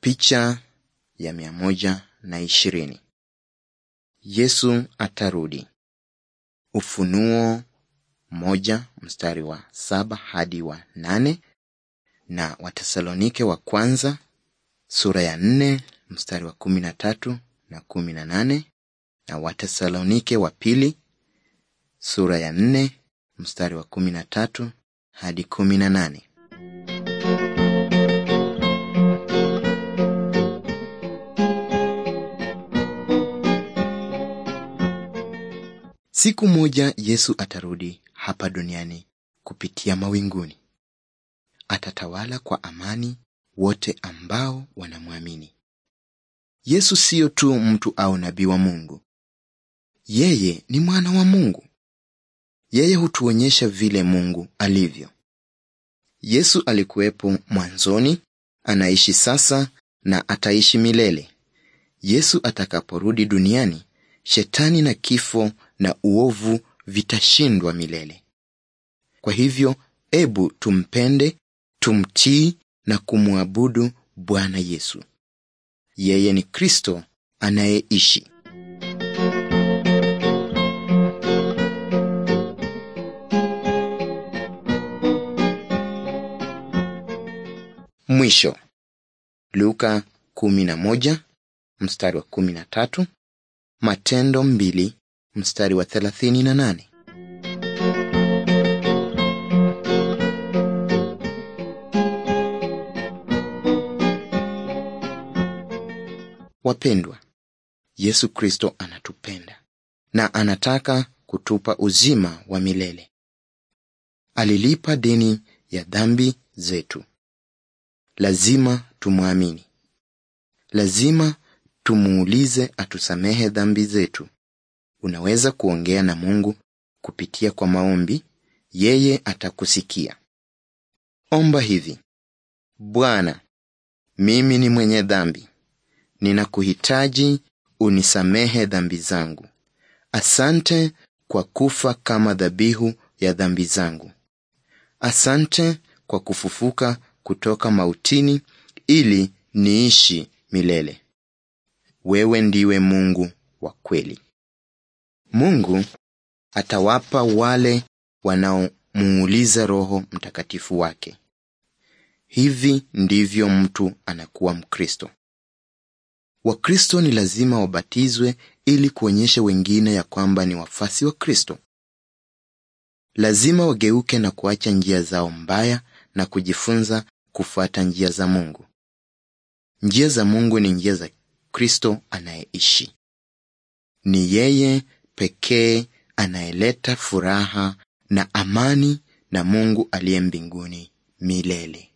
Picha ya mia moja na ishirini. Yesu atarudi. Ufunuo moja mstari wa saba hadi wa nane na Watesalonike wa kwanza sura ya nne mstari wa kumi na tatu na kumi na nane na Watesalonike wa pili sura ya nne mstari wa kumi na tatu hadi kumi na nane. Thank you. Siku moja Yesu atarudi hapa duniani kupitia mawinguni. Atatawala kwa amani wote ambao wanamwamini. Yesu siyo tu mtu au nabii wa Mungu. Yeye ni mwana wa Mungu. Yeye hutuonyesha vile Mungu alivyo. Yesu alikuwepo mwanzoni, anaishi sasa na ataishi milele. Yesu atakaporudi duniani, shetani na kifo na uovu vitashindwa milele. Kwa hivyo, ebu tumpende, tumtii na kumwabudu Bwana Yesu. Yeye ni Kristo anayeishi. Mwisho, Luka 11 mstari wa 13, Matendo 2 mstari wa 38. Wapendwa, Yesu Kristo anatupenda na anataka kutupa uzima wa milele. Alilipa deni ya dhambi zetu. Lazima tumwamini. Lazima tumuulize atusamehe dhambi zetu Unaweza kuongea na Mungu kupitia kwa maombi, yeye atakusikia. Omba hivi: Bwana, mimi ni mwenye dhambi, ninakuhitaji, unisamehe dhambi zangu. Asante kwa kufa kama dhabihu ya dhambi zangu. Asante kwa kufufuka kutoka mautini ili niishi milele. Wewe ndiwe Mungu wa kweli. Mungu atawapa wale wanaomuuliza Roho Mtakatifu wake. Hivi ndivyo mtu anakuwa Mkristo. Wakristo ni lazima wabatizwe ili kuonyesha wengine ya kwamba ni wafasi wa Kristo. Lazima wageuke na kuacha njia zao mbaya na kujifunza kufuata njia za Mungu. Njia za Mungu ni njia za Kristo anayeishi. Ni yeye pekee anayeleta furaha na amani na Mungu aliye mbinguni milele.